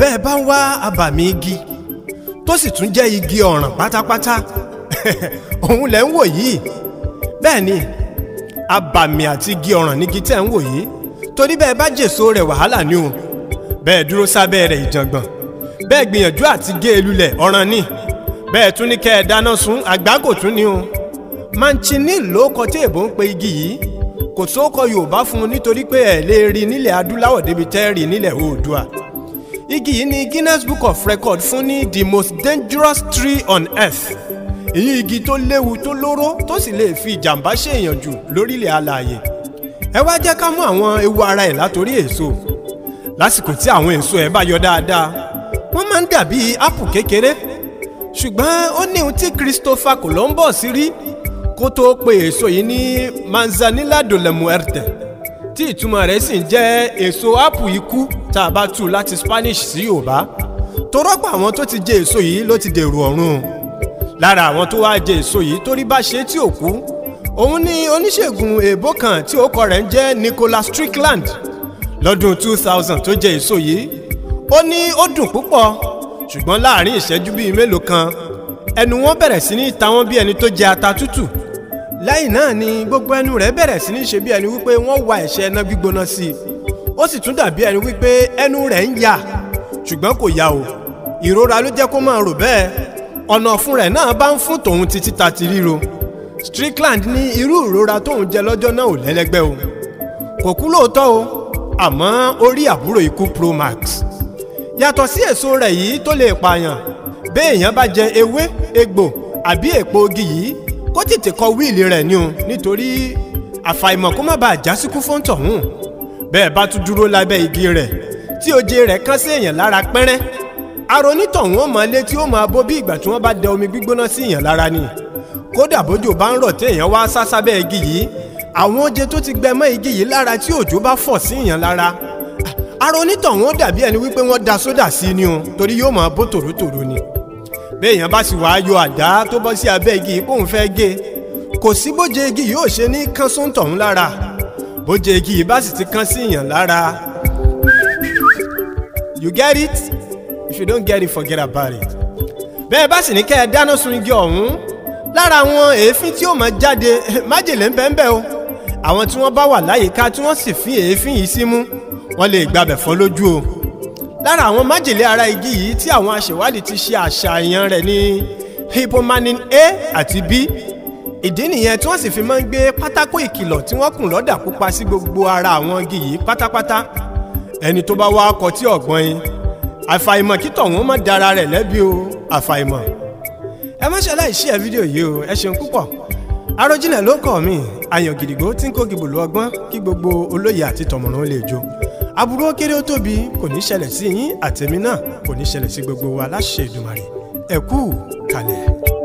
bẹ́ẹ̀ bá ń wá àbàmì igi tó sì tún jẹ́ igi ọ̀ràn pátápátá òun lẹ̀ ń wò yìí bẹ́ẹ̀ ni àbàmì àti igi ọ̀ràn nígi tẹ̀ ń wò yìí torí bẹ́ẹ̀ bá jèso rẹ̀ wàhálà ni o bẹ́ẹ̀ dúró sábẹ́ rẹ̀ ìjàngbọ̀n bẹ́ẹ̀ gbìyànjú àti gé e ọ̀ràn ni bẹ́ẹ̀ tún ní kẹ́ ẹ dáná sun àgbákò tún ni o Mancini ló kọ tí èbó ń pe igi yìí kò sókọ Yorùbá fún un nítorí pé ẹ̀ lè rí nílẹ̀ adúláwọ̀ débi tẹ́ rí nílẹ̀ Oòduà igi yìí ni Guinness Book of Record fún ní the most dangerous tree on earth èyí igi tó léwu tó lóró tó sì lè fi ìjàmbá ṣèyàn jù lórílẹ̀ alààyè ẹ wá jẹ́ ká mú àwọn ewu ara ẹ̀ látòrí èso lásìkò tí àwọn èso ẹ̀ bá yọ dáadáa wọ́n máa ń dàbí ápù kékeré ṣùgbọ́n ó ní ohun tí Christopher Columbus rí kó tó pe èso yìí ní Manzanilla de la tí ìtumọ̀ rẹ̀ sì ń jẹ́ èso ápù ikú tá a bá tú láti Spanish sí Yorùbá torọ́pọ̀ àwọn tó ti jẹ èso yìí ló ti dèrò ọ̀run lára àwọn tó wá jẹ èso yìí torí bá ṣe tí ò kú òun ni oníṣègùn èèbó kan tí orúkọ rẹ̀ ń jẹ́ Nicholas Strickland lọ́dún 2000 tó jẹ èso yìí ó ní ó dùn púpọ̀ ṣùgbọ́n láàrin ìṣẹ́jú bíi mélòó kan ẹnu wọn bẹ̀rẹ̀ sí ní ta wọ́n bí ẹni tó jẹ ata tútù lẹ́yìn náà ni gbogbo ẹnu rẹ̀ bẹ̀rẹ̀ sí ní ṣe bí ẹni wípé wọ́n wa ẹ̀ṣẹ́ iná gbígbóná sí i ó sì tún dàbí ẹni wípé ẹnu rẹ̀ ń yà ṣùgbọ́n kò yà o ìrora ló jẹ́ kó máa rò bẹ́ẹ̀ ọ̀nà ọ̀fun rẹ̀ náà bá ń fún tòun títí ta ti ríro Strickland ní irú ìrora tóun jẹ lọ́jọ́ náà ò lẹ́lẹ́gbẹ́ o kò kú lóòótọ́ o àmọ́ ó rí àbúrò ikú Promax yàtọ̀ sí èso rẹ̀ yìí tó lè pààyàn béèyàn bá jẹ ewé egbò àbí èpo ogi yìí kó tètè kọ wíìlì rẹ̀ ni o nítorí àfàìmọ̀ kó má bàa jásíkú fóńtọ̀ hùn bẹ́ẹ̀ bá tún dúró lábẹ́ igi rẹ̀ tí oje rẹ̀ kán sí èèyàn lára pẹ́rẹ́ aronítọ̀hún ó máa lé tí ó máa bó bí ìgbà tí wọ́n bá dẹ omi gbígbóná sí èèyàn lára ni kódà bójú bá ń rọ̀ tí èèyàn wá sá sábẹ́ igi yìí àwọn oje tó ti gbẹ igi yìí lára tí òjò bá fọ̀ sí èèyàn lára aronítọ̀hún ó dàbí ẹni wípé wọ́n da sódà sí ni o torí yóò máa bó tòrótòró ni béèyàn bá sì wáá yọ àdá tó bọ́ sí abẹ́ igi kóun fẹ́ gé e. kò sí bóje igi yóò ṣe ní kán lára bóje igi yìí bá sì ti kán sí èèyàn lára. you get it if you don't get it forget about it. bẹ́ẹ̀ bá sì ní kẹ́ ẹ dáná sun igi ọ̀hún lára àwọn èéfín tí ó máa jáde májèlé ń bẹ́ẹ̀ o àwọn tí wọ́n bá wà láyìíká tí wọ́n sì fi èéfín yìí símú wọ́n lè gbabẹ̀ fọ́ lójú o lára àwọn májèlé ara igi yìí tí àwọn aṣèwádìí ti ṣe àṣàyàn rẹ̀ ní hippomanin a àti b ìdí nìyẹn tí wọ́n sì fi máa ń gbé pátákó ìkìlọ̀ tí wọ́n kùn lọ́dà pupa sí gbogbo ara àwọn igi yìí pátápátá ẹni tó bá wá akọ tí ọ̀gbọ́n yín àfàìmọ̀ kí tọ̀hún má dára rẹ̀ lẹ́bi o àfàìmọ̀ ẹ má ṣe láì ẹ fídíò yìí o ẹ ṣeun púpọ̀ Àròjinlẹ̀ ló kọ̀ mí ayọ̀ gidigbo tí ń kó gìbùlù ọgbọ́n kí gbogbo olóye àti tọ̀mọ̀ràn lè jó aburú ó kéré ó tóbi kò ní ṣẹlẹ̀ sí yín àtẹ̀mí náà kò ní ṣẹlẹ̀ sí gbogbo wa láṣẹ Èdùmàrè ẹ kalẹ̀.